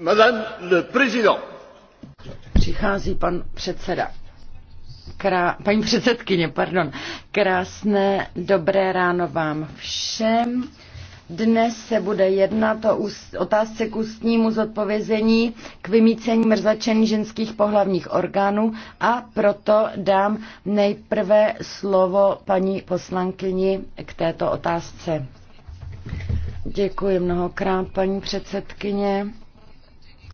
Madame le président. Přichází pan předseda. Krá... Paní předsedkyně, pardon. Krásné dobré ráno vám všem. Dnes se bude jednat o otázce k ústnímu zodpovězení k vymícení mrzačení ženských pohlavních orgánů a proto dám nejprve slovo paní poslankyni k této otázce. Děkuji mnohokrát, paní předsedkyně.